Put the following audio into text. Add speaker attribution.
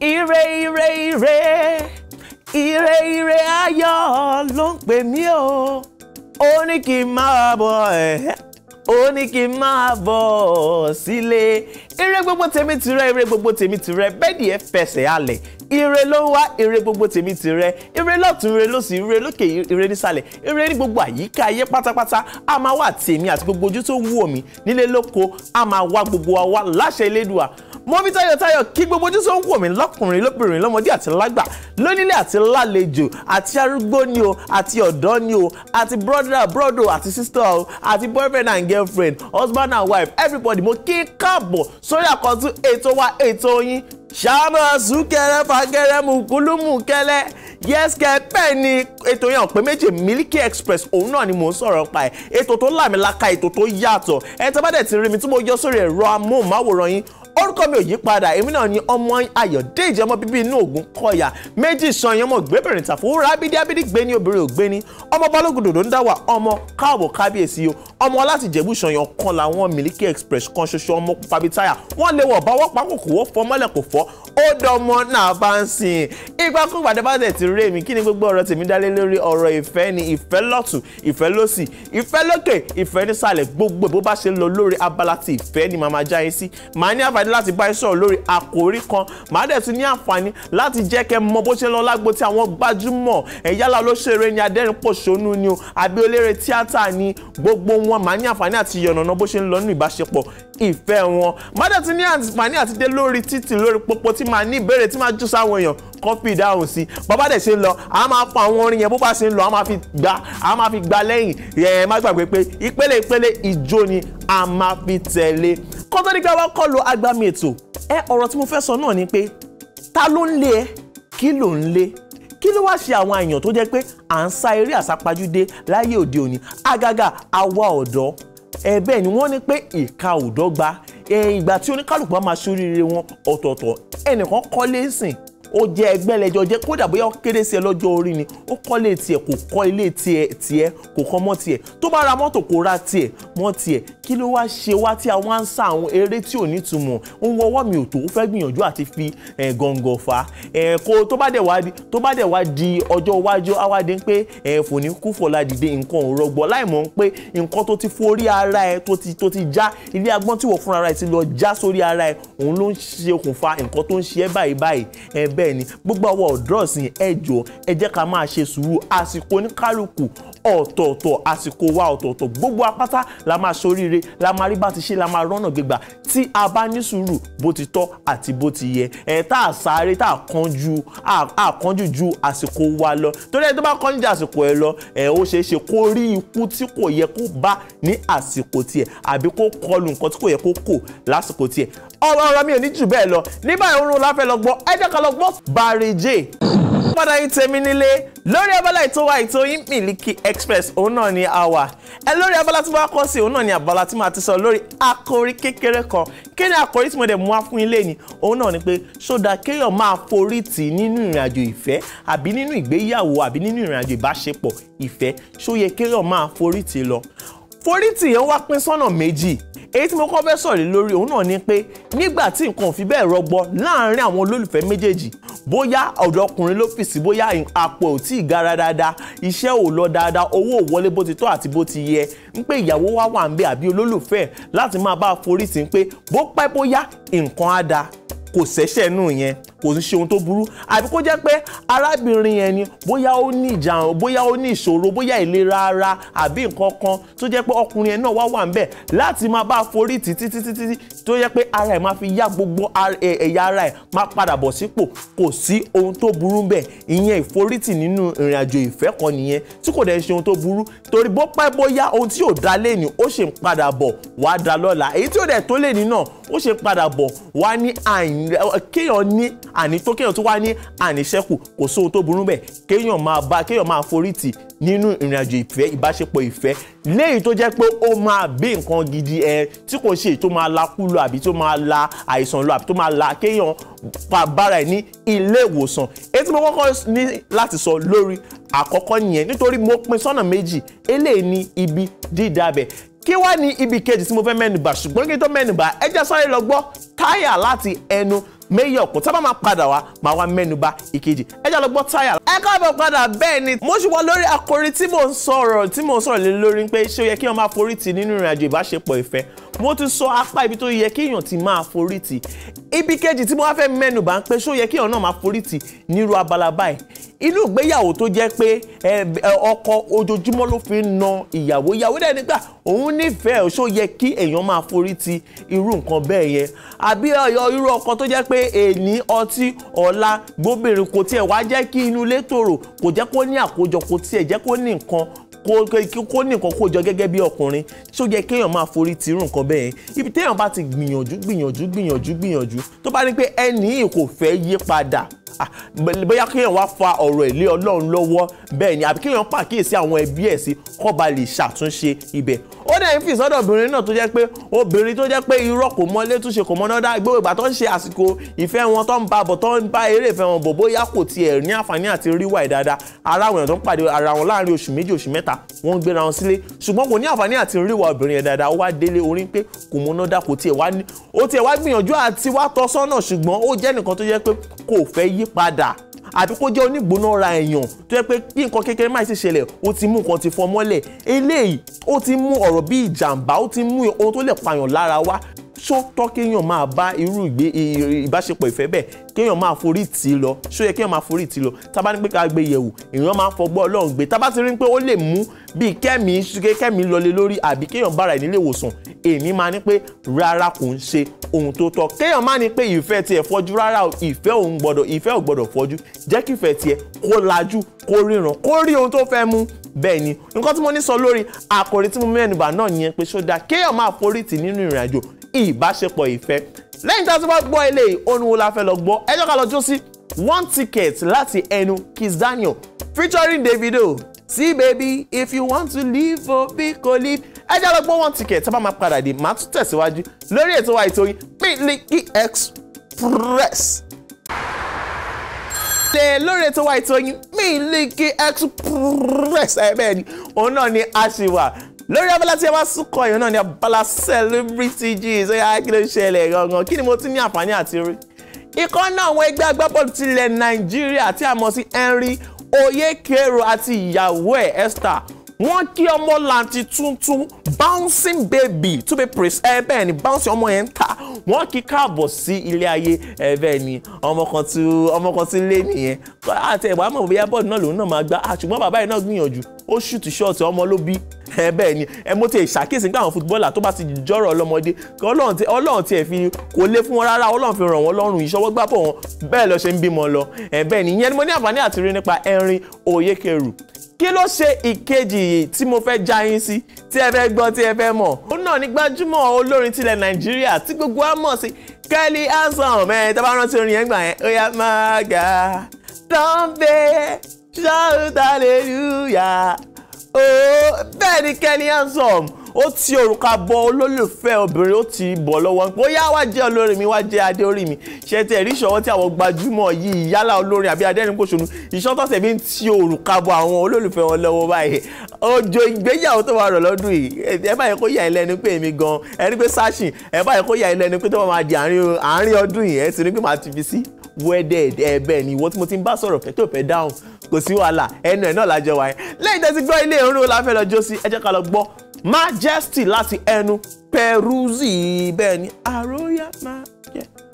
Speaker 1: ire ire ire ire ire ayọ̀ ló ń pè mí o ó ní kí n máa bọ̀ ẹ̀ ó ní kí n máa bọ̀ sílé ire gbogbo tèmi tìrẹ ire gbogbo tèmi tìrẹ bẹ́ẹ̀dì ẹ fẹsẹ̀ alẹ̀ ire ló ń wá ire gbogbo tèmi tìrẹ ire lọ́tún ire lósì ire lókè ire nísàlẹ̀ ire ní gbogbo àyíká ayé pátápátá a máa wà tèmi àti gbogbo ojú tó wù mí nílé lóko a máa wá gbogbo wa wá láṣẹ Elédùà mo fi tayọ̀tayọ̀ kí gbogbo ojú tó ń wò mí lọ́kùnrin lóbìnrin lọ́mọdé àti lágbà lónílé àti lálejò àti arúgbó ni o àti ọ̀dọ́ ni o àti brother brodo àti sister o àti boyfriend and girlfriend husband and wife everybody mo kí káàbọ̀ sórí àkọ́tún ètò wa ètò yín ṣáàmà súnkẹrẹ fàkẹrẹ mùkúlùmù kẹlẹ yẹsẹ bẹ́ẹ̀ ni ètò yẹn ọpẹ méje Miliki Express òun náà ni mò ń sọ̀rọ̀ pa ẹ ètò tó làmìlaka ètò tó yàtọ̀ ẹ tẹ bá dẹ ti rí mi tí mo yọ sórí ẹ̀rọ amóhùnmáwòrán yín orúkọ mi ò yí padà èmi náà ni ọmọ Ayọ̀dèjì ọmọ bíbí inú Ògùn kọyà méjì san ìyẹn ọmọ gbẹ́bẹ̀rẹ̀ tàfúrà abídí abídí gbé ní obìnrin ògbé ní ọmọ balógun dòdò ń dáwà ọmọ káàbọ̀ kábíyèsí o ọmọ láti jẹ̀bú ìṣọ̀yàn kan làwọn Miliki Express kan ṣoṣo ọmọ pàbítáyà wọ́n lé wọ̀ bá wọ́pàá kò kò wọ́ fọ́ mọ́lẹ̀ kò fọ́ ó dọmọ náà bá ń sìn ìgbàkúgbà tẹ́ bá tẹ̀ ti rí èmi kí ni gbogbo ọ̀rọ̀ tèmi dálé lórí ọ̀rọ̀ ìfẹ́ ni ìfẹ́ lọ́tù ìfẹ́ lọ́sì ìfẹ́ lókè ìfẹ́ nísàlẹ̀ gbogbo bó bá ṣe lọ lórí abala ti ìfẹ́ ni màmá já yín sí màá ní àǹfààní láti bá yín sọ̀rọ̀ lórí àkòrí kan màá dẹ̀ tún ní àǹfààní láti jẹ́ kẹ́ mọ bó ṣe lọ lágbo tí àwọn gbajúmọ̀ ẹ̀yálà olóṣèré ni adẹ́rìnpòṣónú ni o àbí eléré tíátà ni gbogbo wọn màá ní àǹfààní àti yànnàná bó ṣe ń lọ nínú ìbáṣepọ̀ ìfẹ́ wọn màá dẹ̀ tún ní àǹfààní àti dé lórí títì lórí pópó tí máa ní ìbéèrè tí máa jù sáwọn èèyàn kan fi ìdáhùn sí bàbá dẹ̀ ṣe ń lọ a máa pa àwọn orin yẹn bó bá ṣe ń lọ a máa fi gbà a máa fi gbà lẹ́yìn ẹ̀ má gbàgbé pé ìpele ìpele ìjó ni a máa fi tẹ̀lé kọ́tọ́ ní pé wọ́n kọ́ lo agbami ètò ẹ ọ̀rọ̀ tí mo fẹ́ sọ náà ni pé ta ló ń lé ẹ kí ló ń lé kí ló wá ṣe àwọn èèyàn tó jẹ́ pé à ń sá eré àsápajúdé láyé òde òní àgàgà àwa ọ̀dọ́ ẹ bẹ́ẹ̀ ni wọ́n ní pé ìka ò dọ́gba ìgbà tí oníkálùkù bá máa ṣoríire wọn ọ̀tọ̀ọ̀tọ̀ ẹnìkan kọ́lé sìn ó jẹ́ ẹgbẹ́ lẹ́jọ́ jẹ́ kódà bóyá ó kéré sí ẹ lọ́jọ́ orí ni ó kọ́lé tiẹ̀ kò kọ́ ilé tiẹ̀ tiẹ̀ kò kọ́ mọ́ tiẹ̀ tó bá ra mọ́tò kò ra tiẹ̀ mọ́ tiẹ̀ kí ló wá ṣe wá tí a wá ń sá àwọn eré tí ò nítumọ̀ ń wọ ọwọ́ mi ò tó fẹ́ gbìyànjú àti fi gọ̀ǹgọ̀ fa kó tó bá dẹ̀ wá di tó bá dẹ̀ wá di ọjọ́ iwájú awádé ń pé fòní kú fọlá dìde nǹkan ò rọgbọ láìmọ̀ ń pé nǹkan tó ti forí ara ẹ tó ti tó ti já ilé agbọ́n tí wọ́n fúnra bẹ́ẹ̀ ni gbogbo àwọn ọ̀dọ́ ọ̀sìn ẹ jọ̀ọ́ ẹ jẹ́ ká máa ṣe sùúrù àsìkò oníkálukú ọ̀tọ̀ọ̀tọ̀ àsìkò wa ọ̀tọ̀ọ̀tọ̀ gbogbo apáta la máa ṣoríire la máa rí bá ti ṣe la máa rọ́nà gbégbà tí a bá ní sùúrù bó ti tọ́ àti bó ti yẹ ẹ tá a sáré tá a kánjú a kánjú ju àsìkò wa lọ torí ẹ tó bá kánjú ju àsìkò ẹ lọ ẹ ó ṣeé ṣe kó rí ikú tí kò yẹ kó bá ní àsìkò tiẹ̀ àbí kó kọlu nǹkan tí kò yẹ kó kò lásìkò tiẹ̀ ọ̀rọ̀ ọ̀rọ̀ mi ò ní jù bẹ́ẹ̀ lọ nígbà ìrún la fẹ́ lọ gbọ́ ẹ jẹ́ ká lọ gbọ́ Barry J padà yín tèmi nílé lórí abala ètò wa ètò yín Miliki Express òun náà ni a wà ẹ lórí abala tí mo bá kọ́ sí òun náà ni abala tí màá ti sọ lórí àkòrí kékeré kan kí ni àkòrí tí mo dẹ̀ mú wá fún ilé ni òun náà ni pé ṣódà kéèyàn máa forí tì nínú ìrìnàjò ìfẹ́ àbí nínú ìgbéyàwó àbí nínú ìrìnàjò ìbáṣepọ̀ ìfẹ́ ṣó yẹ kéèyàn máa forí tì lọ forítì yẹn wá pín sọ́nà méjì èyí tí mo kọ́ fẹ́ sọ̀rọ̀ lórí òun náà ni pé nígbà tí nǹkan ò fi bẹ́ẹ̀ rọgbọ láàárín àwọn olólùfẹ́ méjèèjì bóyá ọ̀dọ̀ ọkùnrin ló fìsí bóyá àpò ò tí ì gara dáadáa iṣẹ́ ò lọ dáadáa owó ò wọlé bó ti tọ́ àti bó ti yẹ ń pé ìyàwó wa wà ń bẹ àbí olólùfẹ́ láti máa bá forítì ń pé bó pẹ́ bóyá nǹkan á da kò ṣẹ́ṣẹ́ nù yẹn kò ń ṣe ohun tó burú àbí kó jẹ́ pé arábìnrin yẹn ni bóyá ó ní ìjàrùn bóyá ó ní ìṣòro bóyá ìlera ara àbí nǹkan kan tó jẹ́ pé ọkùnrin yẹn náà wá wà ń bẹ̀ láti máa bá forí tì títí títí tó jẹ́ pé ara ẹ̀ máa fi yá gbogbo ẹ̀yà ara ẹ̀ máa padà bọ̀ sípò kò sí ohun tó burú bẹ̀ ìyẹn ìforítì nínú ìrìn àjò ìfẹ́ kan nìyẹn tí kò dẹ̀ ṣe ohun tó burú torí bó pẹ́ bóyá ohun tí ò dá lẹ́nu ó ṣe ń padà bọ̀ wá dá lọ́la èyí tí ò dẹ̀ tó lẹ́nu náà ó ṣe ń padà bọ̀ wá ní kéèyàn ní àní tó kéèyàn tó wá ní àníṣẹ́kù kò sóhun tó burú bẹ́ẹ̀ kéèyàn máa bá kéèyàn máa forí tì nínú ìrìnàjò ìfẹ́ ìbáṣepọ̀ ìfẹ́ léyìí tó jẹ́ pé ó máa bí nǹkan gidi ẹ tí kò ṣe tó máa la kú lọ àbí tó máa la àìsàn lọ àbí tó máa la kéèyàn pa bára ẹ̀ ní ilé ìwòsàn èyí tí mo kọ́kọ́ ní láti sọ lórí àkọ́kọ́ nìyẹn nítorí mo pín sọ́nà méjì eléyìí ní ibi dídabẹ̀ kí wá ní ibi kejì tí mo fẹ́ mẹ́nubà ṣùgbọ́n kí n tó mẹ́nubà ẹ jẹ́ sáré lọ gbọ́ táyà láti ẹnu mayor Òkun tá bá máa padà wá máa wá mẹ́nuba ìkejì ẹ jẹ́ lọ gbọ́ táyà. ẹ káàbọ̀ padà bẹ́ẹ̀ ni mo ṣì wọ lórí àkòrí tí mò ń sọ̀rọ̀ tí mò ń sọ̀rọ̀ lé lórí pé ṣé ó yẹ kí wọ́n máa forí tì nínú ìrìnàjò ìbáṣepọ̀ ìfẹ́ mo ti sọ apá ibi tó yẹ kéèyàn ti máa forí tì ibi kejì tí mo wá fẹ́ mẹ́nuba ń pé ṣé ó yẹ kéèyàn náà máa forí tì nírú abala inú ìgbéyàwó tó jẹ́ pé ọkọ ojoojúmọ́ ló fi ń na ìyàwó ìyàwó dẹ̀ nígbà òun nífẹ̀ẹ́ ò ṣó yẹ kí èèyàn máa forí ti irú nǹkan bẹ́ẹ̀ yẹn àbí ọyọ irú ọkọ tó jẹ́ pé èní ọtí ọ̀la gbóbìnrin kò tiẹ̀ wá jẹ́ kí inú ilé tòrò kò jẹ́ kó ní àkójọ kò tiẹ̀ jẹ́ kó ní nǹkan kó ní nǹkan kó jọ gẹ́gẹ́ bí ọkùnrin ṣó yẹ kéèyàn máa forí ti irú nǹkan bẹ́ẹ̀ ibi téèyàn bá ti gbìyànjú gbìyànjú gbìyànjú gbìyànjú tó bá ní pé ẹnì yìí kò fẹ́ yí padà bóyá kéèyàn wá fa ọ̀rọ̀ ilé Ọlọ́run lọ́wọ́ bẹ́ẹ̀ ni àbí kéèyàn pàkíyèsí àwọn ẹbí ẹ̀ sí kó ba lè ṣàtúnṣe ibẹ̀ ó dẹ̀ ń fi ìsọ́dọ̀ obìnrin náà tó jẹ́ pé obìnrin tó jẹ́ pé irọ́ kò mọ ilé túnṣe kò mọ náà dá gbogbo ìgbà tó ń ṣe àsìkò ìfẹ́ wọn tó ń ba bọ̀ tó ń bá eré ìfẹ́ wọn bọ̀ bóyá kò tiẹ̀ ní àǹfààní àti ríwà ìdáadáa ara àwọn èèyàn tó ń pàdé ara wọn láàrin oṣù méjì oṣù mẹ́ta wọ́n ń gbéra wọn sílé ṣùgbọ́n kò ní àǹfààní àti ríwà obìnrin yẹn wá délé orí pé kò mọ náà kò tiẹ̀ wá gbìyànjú àti wá tọ́ sọ́nà ṣùgbọ́n ó jẹ́ nìkan tó jẹ́ pé kò fẹ́ yí yípadà àbí kó jẹ́ onígbónára èèyàn tó yẹ pé kí nǹkan kékeré máa ṣe ṣẹlẹ̀ ó ti mú nǹkan ti fọ́ mọ́lẹ̀ eléyìí ó ti mú ọ̀rọ̀ bí ìjàmbá ó ti mú ohun tó lè pààyàn lára wá ṣó tọ́ kéèyàn máa bá irú ìgbé ìbáṣepọ̀ ìfẹ́ bẹ́ẹ̀ kéèyàn máa forí tì í lọ ṣó yẹ kéèyàn máa forí tì í lọ tábà ní pé ká gbé yẹ̀wò èèyàn máa ń fọgbọ́ ọlọ́run gbé tábà ti rí pé ó lè mú bíi kẹ́mi ṣúgẹ́ kẹ́mi lọlé lórí àbí kéèyàn bára ẹ̀ nílé ìwòsàn èmi máa ní pé rárá kò ń ṣe ohun tó tọ́ kéèyàn má ní pé ìfẹ́ tiẹ̀ fọ́jú rárá o ìfẹ́ òun gbọ́dọ̀ ìfẹ́ ò gbọ́dọ̀ fọ́jú jẹ́ kífẹ́ tiẹ̀ kó lajú kó ríran kó rí ohun tó fẹ́ mú bẹ́ẹ̀ ni nǹkan tí mo ní sọ lórí àkòrí tí mo mẹ́nuba náà nìyẹn pé ṣó dáa kéèyàn máa forí tì nínú ìrìnàjò ìbáṣepọ̀ ìfẹ́ lẹ́yìn tí a ti bá gbọ́ ilé òun wo la fẹ́ lọ gbọ́ ẹ jẹ́ ká lọ jó sí one ticket láti ẹnu Kiss Daniel featuring Davido see baby if you want to live for oh, biko live ẹ jẹ́ lọ gbọ́ one ticket tí a bá máa padà dé màá tún tẹ̀síwájú lórí ètò wa ètò yín Miliki Express ṣe lórí ètò wa ètò yín Miliki Express ẹ bẹ́ẹ̀ ni òun náà ni a ṣì wà lórí abala tí a bá súnkọ èèyàn náà ni abala celebrity gist ẹ̀yà kí ló ṣẹlẹ̀ gangan kí ni mo tún ní àǹfààní àti rí. ikọ̀ náà àwọn ẹgbẹ́ agbábọ́ọ̀lù tilẹ̀ nàìjíríà tí a mọ̀ sí Henry Oyekero àti ìyàwó ẹ̀ Esther wọ́n kí ọmọlanti tuntun bouncing baby to be praise ẹ eh, bẹ́ẹ̀ ni bouncing ọmọ yẹn ń ta wọ́n kí káàbọ̀ sí ilé ayé ẹ eh, bẹ́ẹ̀ ni ọmọ kan tí ọmọ kan tí lé nìyẹn àti ẹ̀wọ̀n àmọ̀ bóyá bọ́ọ̀dù náà lòun náà máa gbá àṣùgbọ́n ah, bàbá yìí náà gbìyànjú ó ṣùtù ṣọ́ọ̀tì ọmọ ló bí ẹ eh, bẹ́ẹ̀ ni ẹ mo ti ṣàkíyèsí nípa àwọn fútbọ́ọ̀là tó bá ti jọ̀rọ̀ ọlọ́mọdé ọlọ́run ti ẹ̀ fi kò lé fún wọn rárá ọlọ́run fi ràn wọ́n lọ́rùn ìṣọwọ́ gbábọ̀ wọn bẹ́ẹ̀ lọ ṣe ń bímọ lọ ẹ bẹ́ẹ̀ ni ìyẹn ni mo ní àǹfààní àti rí nípa Henry Oyekeru kí ló ṣe ìkejì yìí tí mo fẹ́ já yín sí tí ẹ fẹ́ gbọ́ tí ẹ fẹ́ mọ̀ òun náà ní gbajúmọ̀ olórin tilẹ̀ nàìjíríà tí gbogbo wa mọ̀ sí Kelly Handsome ẹ tá bá rántí orin yẹn gbà yẹn ó yá máa ga tọ́ńpẹ́ shout hallelujah ó oh, bẹ́ẹ̀ ni Kelly Handsome ó ti òrùka bọ olólùfẹ́ obìnrin ó ti bọ̀ lọ́wọ́ bóyá wá jẹ́ olórin mi wá jẹ́ adé orí mi ṣe tẹ̀ rí ìṣọwọ́ tí àwọn gbajúmọ̀ yìí yálà olórin àbí adẹ́rìnpòṣónú ìṣọ́tọ̀sẹ̀ bí ń ti òrùka bọ àwọn olólùfẹ́ wọn lọ́wọ́ báyìí ọjọ́ ìgbéyàwó tó máa rọ̀ lọ́dún yìí ẹ bá yẹ kó yà ẹlẹ́nu pé èmi gan ẹ rí pé sáṣìn ẹ bá kó yà ẹlẹ́nu pé tó máa di àárín ọdún yìí ẹ sì rí pé màá ti fi sí wedded ẹ bẹ́ẹ̀ ni ìwọ tí mo ti ń bá sọ̀rọ̀ fẹ́ tó fẹ́ dáhùn kò sí wàhálà ẹnu ẹ̀ náà lájọ wáyé lẹ́yìn tẹ́sí gbọ́ ilé ìrún la fẹ́ lọ sí ẹ jẹ́ ká lọ gbọ́ majesty láti ẹnu peruzzi bẹ́ẹ̀ ni àròyá máa jẹ́.